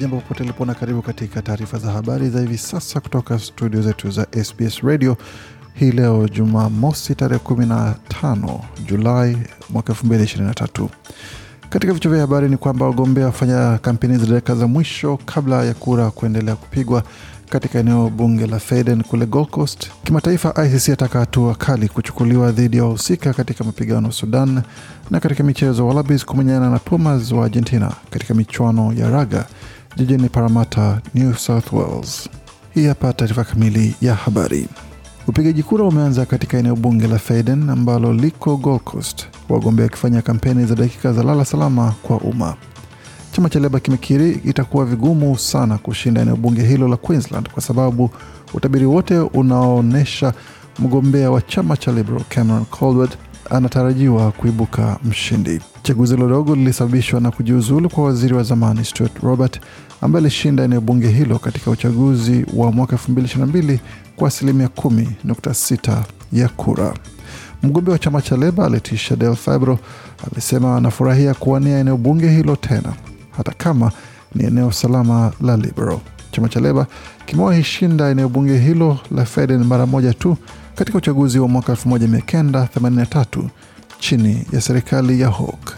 Jambo popote ulipo na karibu katika taarifa za habari za hivi sasa kutoka studio zetu za SBS Radio hii leo Jumamosi tarehe 15 Julai mwaka 2023. Katika vichwa vya habari ni kwamba wagombea wafanya kampeni za dakika za mwisho kabla ya kura kuendelea kupigwa katika eneo bunge la Feden kule Gold Coast. Kimataifa, ICC ataka hatua kali kuchukuliwa dhidi ya wahusika katika mapigano Sudan, na katika michezo Wallabies kumenyana na Pumas wa Argentina katika michuano ya raga jijini Paramata, New South Wales. Hii hapa taarifa kamili ya habari. Upigaji kura umeanza katika eneo bunge la Faden ambalo liko Gold Coast, wagombea wakifanya kampeni za dakika za lala salama kwa umma. Chama cha Leba kimekiri itakuwa vigumu sana kushinda eneo bunge hilo la Queensland kwa sababu utabiri wote unaoonyesha mgombea wa chama cha Liberal Cameron Caldwell anatarajiwa kuibuka mshindi. Chaguzi hilo dogo lilisababishwa na kujiuzulu kwa waziri wa zamani Stuart Robert ambaye alishinda eneo bunge hilo katika uchaguzi wa mwaka 2022 kwa asilimia 10.6 ya kura. Mgombea wa chama cha Leba Leticia Del Fabro alisema anafurahia kuwania eneo bunge hilo tena, hata kama ni eneo salama la Liberal. Chama cha Leba kimewahi shinda eneo bunge hilo la Feden mara moja tu katika uchaguzi wa mwaka 1983 chini ya serikali ya Hawke.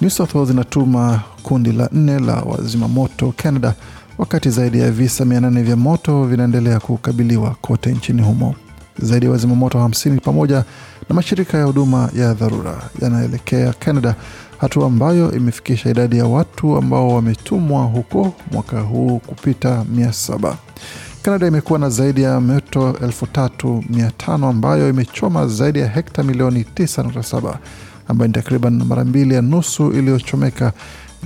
New South Wales inatuma kundi la nne la wazima moto Canada, wakati zaidi ya visa 800 vya moto vinaendelea kukabiliwa kote nchini humo. Zaidi ya wazimamoto 50 pamoja na mashirika ya huduma ya dharura yanaelekea Canada, hatua ambayo imefikisha idadi ya watu ambao wametumwa huko mwaka huu kupita 700. Kanada imekuwa na zaidi ya mioto 3500 ambayo imechoma zaidi ya hekta milioni 9.7 ambayo ni takriban mara mbili ya nusu iliyochomeka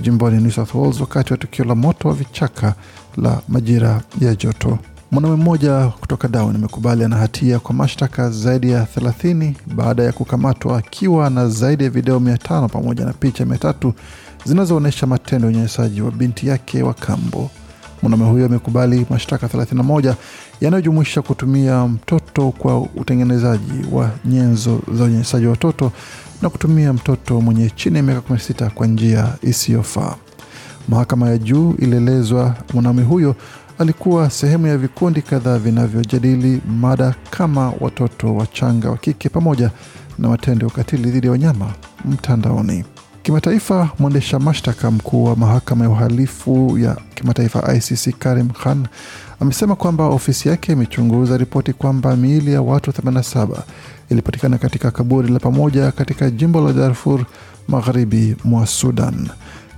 jimboni New South Wales wakati wa tukio la moto wa vichaka la majira ya joto. Mwanaume mmoja kutoka Darwin amekubali ana hatia kwa mashtaka zaidi ya 30 baada ya kukamatwa akiwa na zaidi ya video 500 pamoja na picha 300 zinazoonyesha matendo ya unyanyasaji wa binti yake wa kambo. Mwanaume huyo amekubali mashtaka 31 yanayojumuisha kutumia mtoto kwa utengenezaji wa nyenzo za unyenyesaji wa watoto na kutumia mtoto mwenye chini ya miaka 16 kwa njia isiyofaa. Mahakama ya juu ilielezwa mwanaume huyo alikuwa sehemu ya vikundi kadhaa vinavyojadili mada kama watoto wachanga wa kike pamoja na matendo ya ukatili dhidi ya wanyama mtandaoni. Kimataifa, mwendesha mashtaka mkuu wa mahakama ya uhalifu ya kimataifa ICC Karim Khan amesema kwamba ofisi yake imechunguza ripoti kwamba miili ya watu 87 ilipatikana katika kaburi la pamoja katika jimbo la Darfur magharibi mwa Sudan.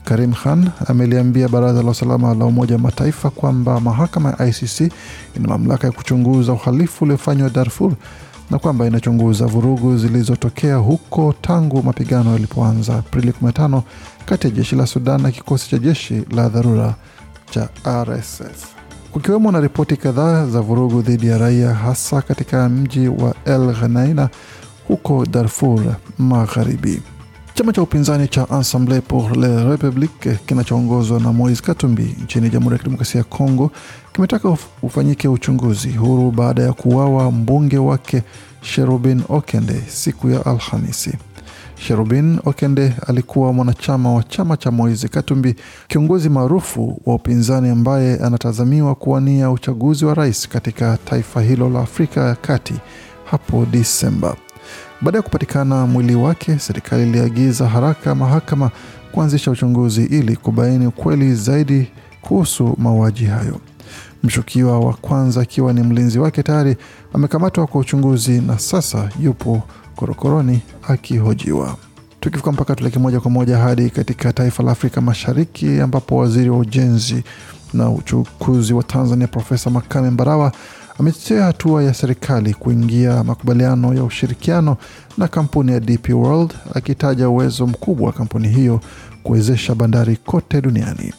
Karim Khan ameliambia baraza la usalama la Umoja wa Mataifa kwamba mahakama ya ICC ina mamlaka ya kuchunguza uhalifu uliofanywa Darfur na kwamba inachunguza vurugu zilizotokea huko tangu mapigano yalipoanza Aprili 15 kati ya jeshi la Sudan na kikosi cha jeshi la dharura cha rss kukiwemo na ripoti kadhaa za vurugu dhidi ya raia hasa katika mji wa El ghanaina huko Darfur Magharibi. Chama cha upinzani cha Ensemble pour la Republique kinachoongozwa na Moise Katumbi nchini Jamhuri ya Kidemokrasia ya Kongo kimetaka ufanyike uchunguzi huru baada ya kuuawa mbunge wake Sherubin Okende siku ya Alhamisi. Sherubin Okende alikuwa mwanachama wa chama cha Moise Katumbi, kiongozi maarufu wa upinzani ambaye anatazamiwa kuwania uchaguzi wa rais katika taifa hilo la Afrika ya Kati hapo Disemba. Baada ya kupatikana mwili wake, serikali iliagiza haraka mahakama kuanzisha uchunguzi ili kubaini ukweli zaidi kuhusu mauaji hayo. Mshukiwa wa kwanza akiwa ni mlinzi wake tayari amekamatwa kwa uchunguzi na sasa yupo korokoroni akihojiwa. Tukivuka mpaka tuleke moja kwa moja hadi katika taifa la Afrika Mashariki ambapo waziri wa ujenzi na uchukuzi wa Tanzania Profesa Makame Mbarawa ametetea hatua ya serikali kuingia makubaliano ya ushirikiano na kampuni ya DP World, akitaja uwezo mkubwa wa kampuni hiyo kuwezesha bandari kote duniani.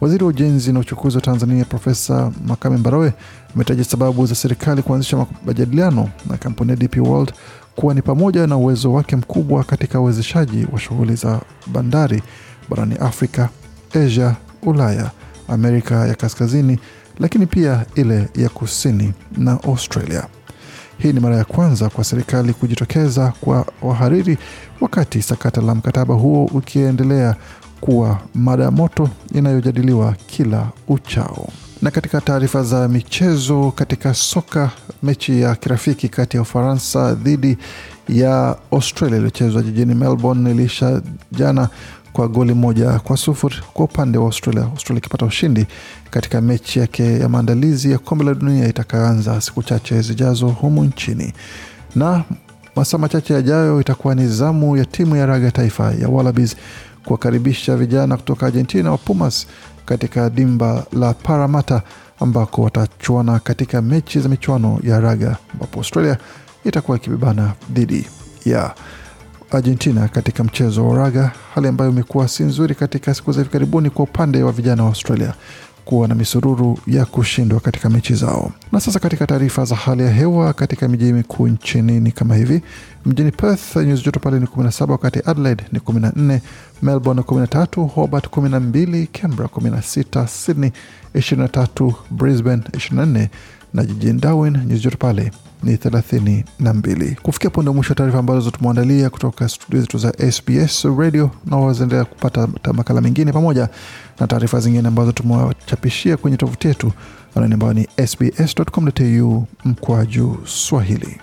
Waziri wa ujenzi na uchukuzi wa Tanzania Profesa Makame Mbarowe ametaja sababu za serikali kuanzisha majadiliano na kampuni ya DP World kuwa ni pamoja na uwezo wake mkubwa katika uwezeshaji wa shughuli za bandari barani Afrika, Asia, Ulaya, Amerika ya Kaskazini lakini pia ile ya kusini na Australia. Hii ni mara ya kwanza kwa serikali kujitokeza kwa wahariri wakati sakata la mkataba huo ukiendelea kuwa mada ya moto inayojadiliwa kila uchao. Na katika taarifa za michezo, katika soka, mechi ya kirafiki kati ya Ufaransa dhidi ya Australia iliyochezwa jijini Melbourne iliisha jana kwa goli moja kwa sufuri kwa upande wa Australia, Australia ikipata ushindi katika mechi yake ya maandalizi ya kombe la dunia itakayoanza siku chache zijazo humu nchini na masaa machache yajayo itakuwa ni zamu ya timu ya raga taifa ya Wallabies kuwakaribisha vijana kutoka Argentina wa Pumas katika dimba la Paramata ambako watachuana katika mechi za michuano ya raga ambapo Australia itakuwa ikibebana dhidi ya yeah. Argentina katika mchezo wa uraga, hali ambayo imekuwa si nzuri katika siku za hivi karibuni kwa upande wa vijana wa Australia kuwa na misururu ya kushindwa katika mechi zao. Na sasa katika taarifa za hali ya hewa katika miji mikuu nchini ni kama hivi: mjini Perth nyuzi joto pale ni 17, wakati Adelaide ni 14, Melbourne 13, Hobart 12, Canberra 16, Sydney 23, Brisbane 24 na jijini Darwin nyuzi joto pale ni 32. Kufikia punde mwisho wa taarifa ambazo tumeandalia kutoka studio zetu za SBS Radio, na wazaendelea kupata makala mengine pamoja na taarifa zingine ambazo tumewachapishia kwenye tovuti yetu anani ambayo ni sbs.com.au mkwaju Swahili.